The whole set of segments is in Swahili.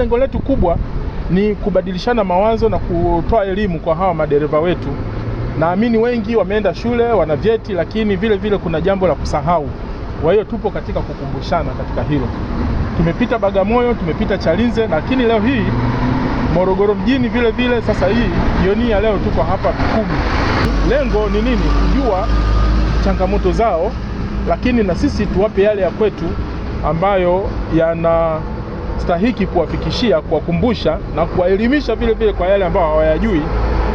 Lengo letu kubwa ni kubadilishana mawazo na kutoa elimu kwa hawa madereva wetu. Naamini wengi wameenda shule, wana vyeti, lakini vile vile kuna jambo la kusahau. Kwa hiyo tupo katika kukumbushana katika hilo. Tumepita Bagamoyo, tumepita Chalinze, lakini leo hii Morogoro mjini vile vile. Sasa hii jioni ya leo tuko hapa Mikumi. Lengo ni nini? Kujua changamoto zao, lakini na sisi tuwape yale ya kwetu ambayo yana stahiki kuwafikishia, kuwakumbusha na kuwaelimisha vile vile kwa yale ambayo hawayajui,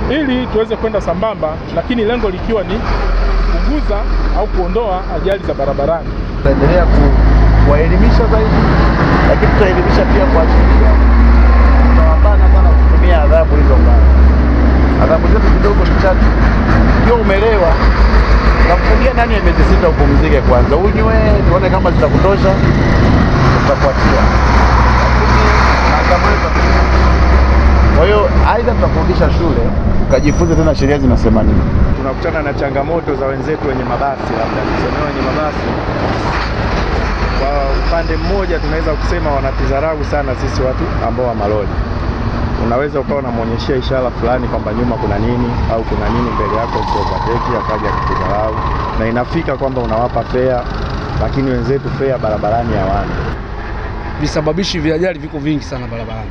ili tuweze kwenda sambamba, lakini lengo likiwa ni kupunguza au kuondoa ajali za barabarani. Tutaendelea kuwaelimisha zaidi, lakini tutaelimisha pia kwa sheria, tutapambana sana kutumia adhabu hizo mbaya. Adhabu zetu kidogo ni chache. Ukiwa umelewa nakufungia ndani ya miezi sita, upumzike kwanza, unywe, tuone kama zitakutosha, tutafuatia kuzikamata. Kwa hiyo aidha tutakurudisha shule ukajifunza tena sheria zinasema nini. Tunakutana na changamoto za wenzetu wenye mabasi, labda nisemea wenye mabasi, kwa upande mmoja tunaweza kusema wanatudharau sana sisi watu ambao wa maloli. unaweza ukawa unamwonyeshia ishara fulani kwamba nyuma kuna nini au kuna nini mbele yako, usiopateki akaja kukudharau, na inafika kwamba unawapa fea, lakini wenzetu fea barabarani hawana visababishi vya ajali viko vingi sana barabarani,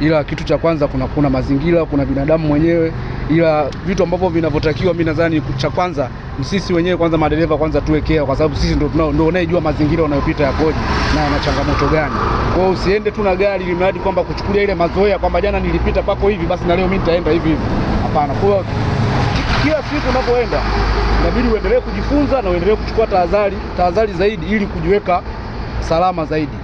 ila kitu cha kwanza kuna, kuna mazingira, kuna binadamu mwenyewe, ila vitu ambavyo vinavyotakiwa, mimi nadhani cha kwanza sisi wenyewe kwanza, madereva kwanza tuwekea, kwa sababu sisi ndio tunao ndio unayejua mazingira unayopita yakoje na yana changamoto gani. Kwa hiyo usiende tu na gari ili mradi kwamba kuchukulia ile mazoea kwamba jana nilipita pako hivi, basi na leo mimi nitaenda hivi hivi. Hapana. Kwa hiyo kila siku unapoenda inabidi uendelee kujifunza na uendelee kuchukua tahadhari, tahadhari zaidi ili kujiweka salama zaidi.